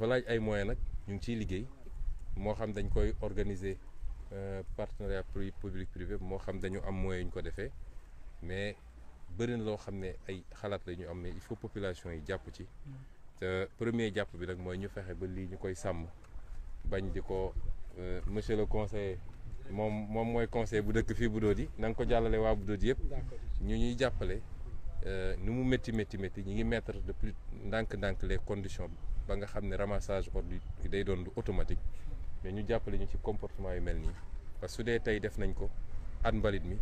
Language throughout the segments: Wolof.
dafa laaj ay moyens nag ñu ngi ciy liggéey moo xam dañ koy organiser euh, partenariat public privé moo xam dañu am moyens yu ñu ko defee mais bëri na loo xam ne ay xalaat la ñu am mais il faut population yi jàpp ci te premier jàpp bi nag mooy ñu fexe ba lii ñu koy sàmm bañ di ko euh, monsieur le conseiller moom moom mooy conseil bu dëkk fii bu doodi na nga ko jàllale waa bu doodi yëpp ñu ñuy jàppale euh, nu mu métti métti métti ñi ngi mettre de plus ndànk-ndànk les conditions ba nga xam ne ramassage ordure day doon lu automatique mais ñu jàppale ñu ci comportement yu mel nii parce que su dee tey def nañ ko at mbalit mi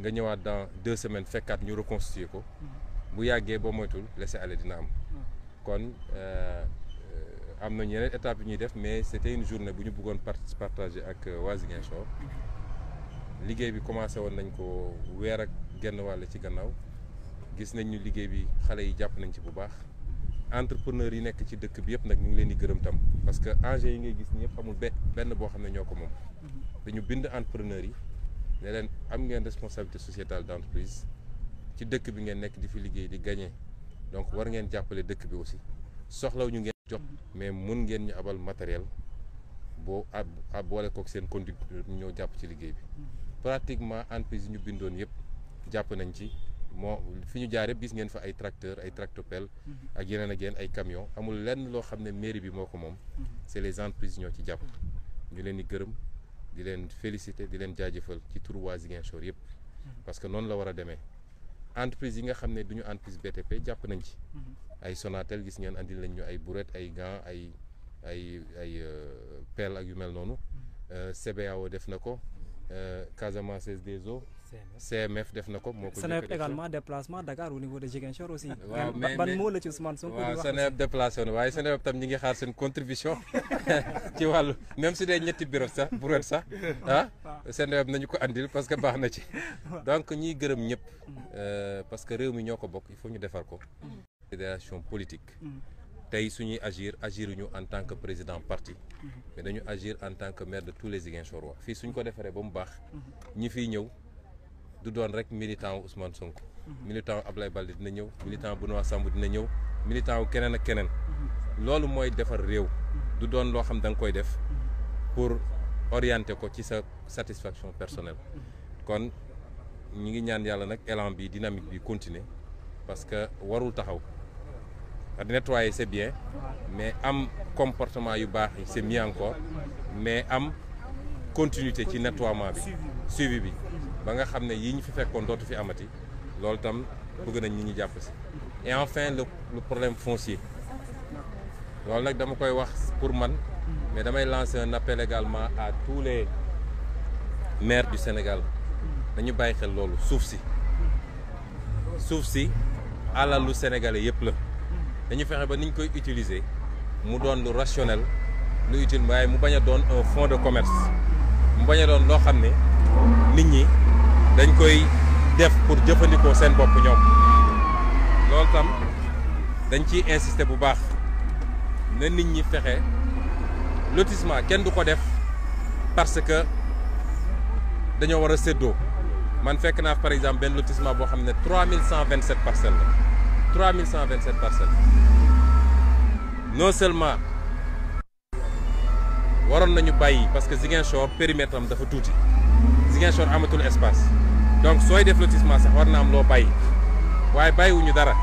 nga ñëwaat dans deux semaines fekkaat ñu reconstituer ko hmm. bu yàggee boo moytul laisser-aller dina am hmm. kon euh, am na yeneen étape yu ñuy def mais c'était une journée bu ñu bëggoon partage ak euh, waa hmm. liggéey bi commencé woon nañ ko weer ak genn wàll ci gannaaw gis nañ ñu liggéey bi xale yi jàpp nañ ci bu baax entrepreneur yi nekk ci dëkk bi yëpp nag ñu ngi leen di gërëmtam tam parce que engins yi ngay gis ni yëpp amul benn boo xam ne ñoo ko moom mhm. dañu bind entrepreneur yi ne leen am ngeen responsabilité sociétale d'entreprise ci dëkk bi ngeen nekk di fi liggéey di gañee donc war ngeen jàppale dëkk bi aussi soxlaw ñu ngeen jox mhm. mais mun ngeen ñu abal matériel boo ab ab boole kook seen conducteur ñoo jàpp ci liggéey bi mhm. pratiquement entreprise yi ñu bindoon yëpp jàpp nañ ci moo fi ñu jaar yëpp gis ngeen fa ay tracteur ay tractopelle mhm. ak yeneen ak yeneen ay camion amul lenn loo xam ne mairie bi moo ko moom mhm. c'est les entreprises ñoo ci jàpp mhm. ñu leen di gërëm di leen féliciter di leen jaajëfal ci turu waa Ziguinchor yëpp parce que noonu la war a deme entreprise yi nga xam ne du ñu entreprise BTP jàpp nañ ci ay Sonatel gis ngeen indi lañ ay brouette ay gants ay ay ay euh, pelle ak yu mel noonu euh, CBAO def na ko euh, Casamance des eaux CMF def na ko moo ko déplacement Dakar au niveau de Ziguinchor aussi. waaw mais ban moo la ci Ousmane Sonko waaw SENEP déplacé na waaye SENEP tam ñi ngi xaar seen contribution ci wàllu même su dee ñetti bureau sax bureau sax ah SENEP nañu ko andil parce que baax na ci donc ñiy gërëm ñëpp mm. euh, parce que réew mi ñoo ko bokk il faut ñu defar ko mm. fédération politique mm. tey suñuy agir agiruñu en tant que président parti dañu agir en tant que maire de tous les Ziguinchorois fii suñ ko defaree ba mu baax ñi fiy ñëw du doon rek militant wu Ousmane Sonko. militant wu Ablaye Balde dina ñëw militant Benoît Sambou dina ñëw militant wu keneen ak keneen. loolu mooy defar réew. du doon loo xam da nga koy def pour orienter ko ci sa satisfaction personnelle. kon ñu ngi ñaan yàlla nag élan bi dynamique bi continuer parce que warul taxaw nettoyer c'est bien mais am comportement yu baax yi c'est mieux encore mais am continuité ci nettoiement bi suivi bi. ba nga xam ne yii ñu fi fekkoon dootu fi amati loolu tam bëgg nañ ñi ñu jàpp si et enfin le le problème foncier loolu nag dama koy wax pour man mais damay lancer un appel également à tous les maires du Sénégal dañu bàyyi xel loolu suuf si suuf si alalu sénégalais yëpp la dañu fexe ba ni ñu koy utiliser mu doon lu rationnel lu utile waaye mu bañ a doon un fonds de commerce mu bañ doon loo xam ne nit ñi. dañ koy def pour jëfandikoo seen bopp ñoom loolu tam dañ ciy insisté bu baax ne nit ñi fexe lotissement kenn du ko def parce que dañoo war a séddoo man fekk naa par exemple benn lotissement boo xam ne 3127 parcelles la 3127 parcelles non seulement waroon nañu bàyyi parce que Ziguinchor périmètre am dafa tuuti Ziguinchor amatul espace. donc sooy def lotissement sax war na am loo bàyyi waaye bàyyiwuñu dara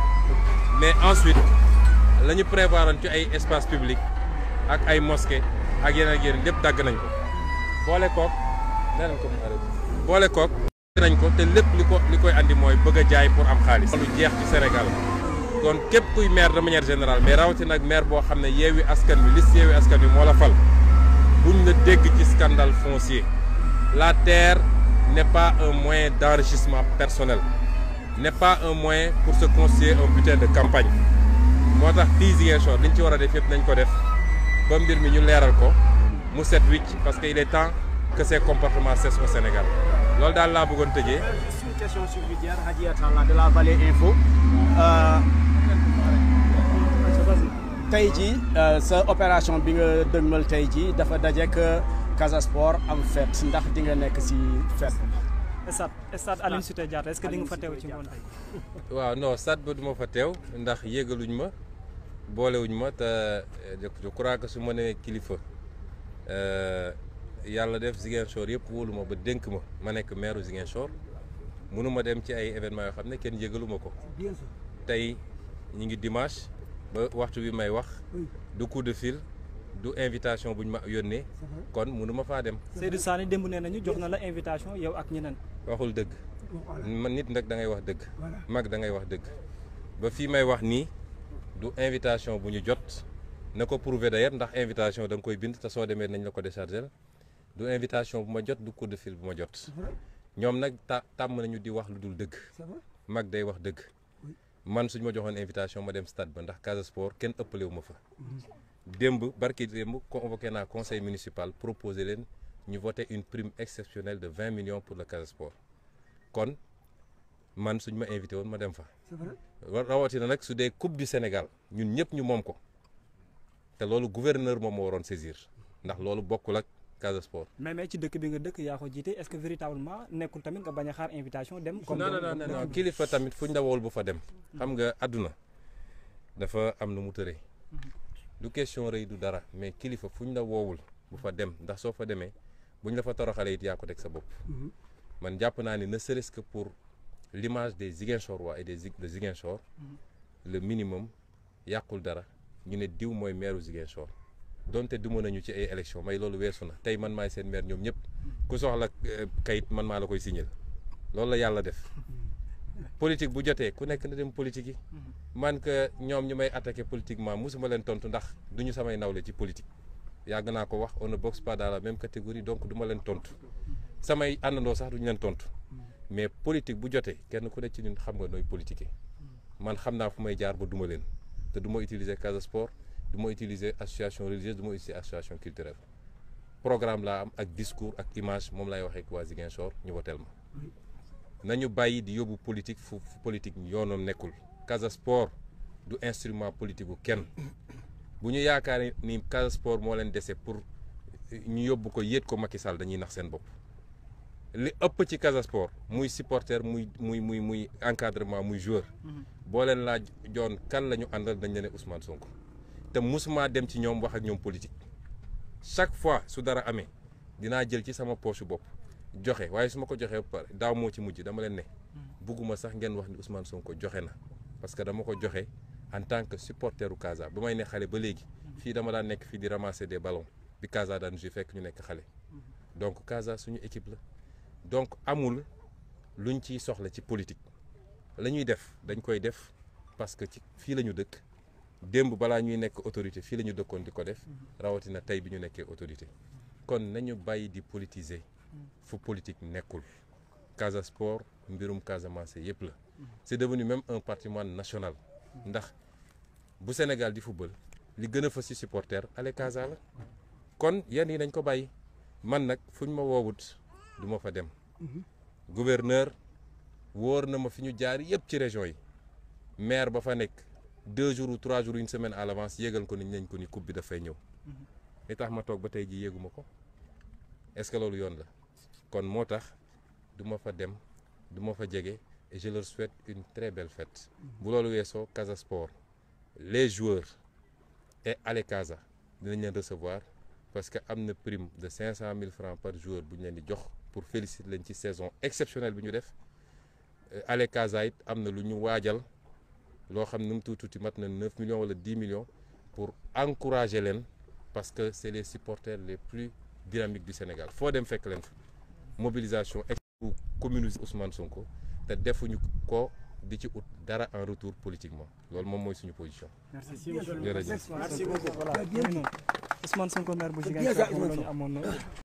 mais ensuite la ñu prévoiroon ci ay espace public ak ay mosquée ak yeneen ak lépp dagg nañ ko boole kook nee ko boole kook nañ ko te lépp li ko li koy andi mooy bëgg a jaay pour am xaalis lu jeex ci Sénégal kon képp kuy maire de manière générale mais rawatina nag maire boo xam ne yeewi askan wi liste yeewi askan bi moo la fal buñ la dégg ci scandale foncier la terre n'est pas un moyen d'enrichissement personnel n'est pas un moyen pour se conseiller un butin de campagne moo tax fii Ziguinchor liñ ci war a def yëpp nañ ko def ba mbir mi ñu leeral ko mu set wicc parce que il est temps que ces comportements cessent au Sénégal loolu daal laa bëggoon tëjee. juste une question de la Vallée Info. Euh, tey jii euh, sa opération bi nga dëgmal tey jii dafa daje euh, Casa Sport am fête ndax di nga nekk si fête. stade stade Aline Sitoé Diatta est-ce que di nga fa teew ci ngoon tey. waaw no stade ba du ma fa teew ndax yégaluñ ma boolewuñ ma te je crois que su ma nee kilifa euh, yàlla def Ziguinchor yëpp wóolu ma ba dénk ma ma nekk maire Ziguinchor mënu ma dem ci ay événements yoo xam ne kenn yégalu ma ko. tey ñu ngi dimanche ba waxtu bi may wax du coup de fil. du invitation bu ñu ma yónnee. Mhm. kon mënuma faa dem. Seydou Sané démb nee nañu jox na la invitation yow ak ñeneen. waxul dëgg. man nit nag da ngay wax dëgg. mag da ngay wax dëgg. ba fii may wax nii du invitation bu ñu jot na ko prouver d'ailleurs ndax invitation da nga koy bind te soo demee nañ la ko décharger du invitation bu ma jot du coup bu ma jot. ñoom nag ta tàmm nañu di wax lu dul dëgg. mag day wax dëgg. man suñ ma joxoon invitation ma dem stade ba ndax Casa Sport kenn ëppalewu ma fa. Mhm. démb barki démb convoqué naa conseil municipal proposé leen ñu voté une prime exceptionnelle de vingt millions pour le Casa Sport kon man suñ ma invité woon ma dem fa. rawatina nag su dee coupe du Sénégal ñun ñëpp ñu moom ko te loolu gouverneur moom moo waroon saisir ndax loolu bokkul ak Casa Sport. mais mais ci dëkk bi nga dëkk yaa ko jiite est-ce que véritablement nekkul tamit nga bañ a xaar invitation dem. comme non non non kilifa tamit fu ñu la wowul dem. xam nga àdduna dafa am nu mu tëree. Mhm. du question rëy du dara mais kilifa fu ñu la woowul bu fa dem ndax soo fa demee bu ñu la fa toroxalee it yaa ko sa bopp. Mhm. man jàpp naa ne ne serait que pour l'image des Ziguinchorois et des de Ziguinchor. Mhm. le minimum yàqul dara ñu ne diw mooy maire Ziguinchor donte du duma nañu ci ay élection may loolu weesu na tey man maay seen maire ñoom ñëpp ku soxla euh, kayit man maa la koy signal loolu la yàlla def. Mhm. politique bu jotee ku nekk na dem politique man que ñoom ñu may attaqué politiquement musuma leen tontu ndax du ñu samay nawle ci politique. yàgg naa ko wax on ne boxe pas dans la même catégorie donc du leen tontu samay àndandoo sax du leen tontu mais politique bu jotee kenn ku nekk ci ñun xam nga nooy politique man xam naa fu may jaar ba duma leen te du ma utiliser Casa Sport du ma utiliser association religieuse du ma utiliser association culturelle programme laa am ak discours ak image moom laay waxee ak waa Ziguinchor ñu woteel ma nañu bàyyi di yóbbu politique fu politique yoonam nekkul Casa Sport du instrument politique gu kenn bu ñu yaakaar ni Casa Sport moo leen dese pour ñu yóbbu ko yéet ko Macky Sall dañuy nax seen bopp li ëpp ci Casa Sport muy supporter muy muy muy muy encadrement muy joueur mhm. boo leen laaj joon kan la ñu àndal dañ leen Ousmane Sonko te musuma dem ci ñoom wax ak ñoom politique chaque fois su dara amee dinaa jël ci sama poche bopp joxe waaye su ma ko joxee pare daaw moo ci mujj dama leen ne hmm. bugguma sax ngeen wax ni Ousmane ko joxe na parce que dama ko joxe en tant que supporteru Casa ba may ne xale ba léegi hmm. fii dama daan nekk fii di ramasser des ballons bi Casa daan ju fekk ñu nekk xale hmm. donc Casa suñu équipe la donc amul lu luñ ciy soxla ci politique la ñuy def dañ koy def parce que ci fii la ñu dëkk démb balaa ñuy nekk autorité fii la ñu dëkkoon di ko def rawatina tey bi ñu nekkee autorité kon nañu bàyyi di politiser fu politique nekkul Casa Sport mbirum Casamance yëpp la c'est devenu même un patrimoine national ndax bu Sénégal di football li gën a fa ci supporter ale Casa la kon yan yi nañ ko bàyyi man nag fuñ ma woowut du ma fa dem gouverneur wóor na ma fi ñu jaar yëpp ci région yi maire ba fa nekk deux jours ou trois jours une semaine à yéegal yégal ko ni nañ ko ni kub bi dafay ñëw li tax ma toog ba tey ji yéeguma ko est-ce que loolu yoon la kon moo tax du ma fa dem du ma fa jege et je leur souhaite une très belle fête. bu loolu weesoo Casa Sport les joueurs et Allez Casa dinañ leen recevoir parce que am na prime de cinq cent mille francs par joueur bu ñu leen di jox pour féliciter leen ci saison exceptionnelle bi ñu def euh, Allez Casa it am na lu ñu waajal loo xam ne mu tuuti tuuti mat na neuf millions wala dix millions pour encourager leen parce que c'est les supporters les plus dynamiques du Sénégal foo dem fekk leen fa. mobilisation ex bu commune Ousmane Sonko te defuñu ko di ci ut dara en retour politiquement loolu moom mooy suñu position. merci beaucoup jërëjëf merci beaucoup voilà Ousmane Sonko moom la ñu amoon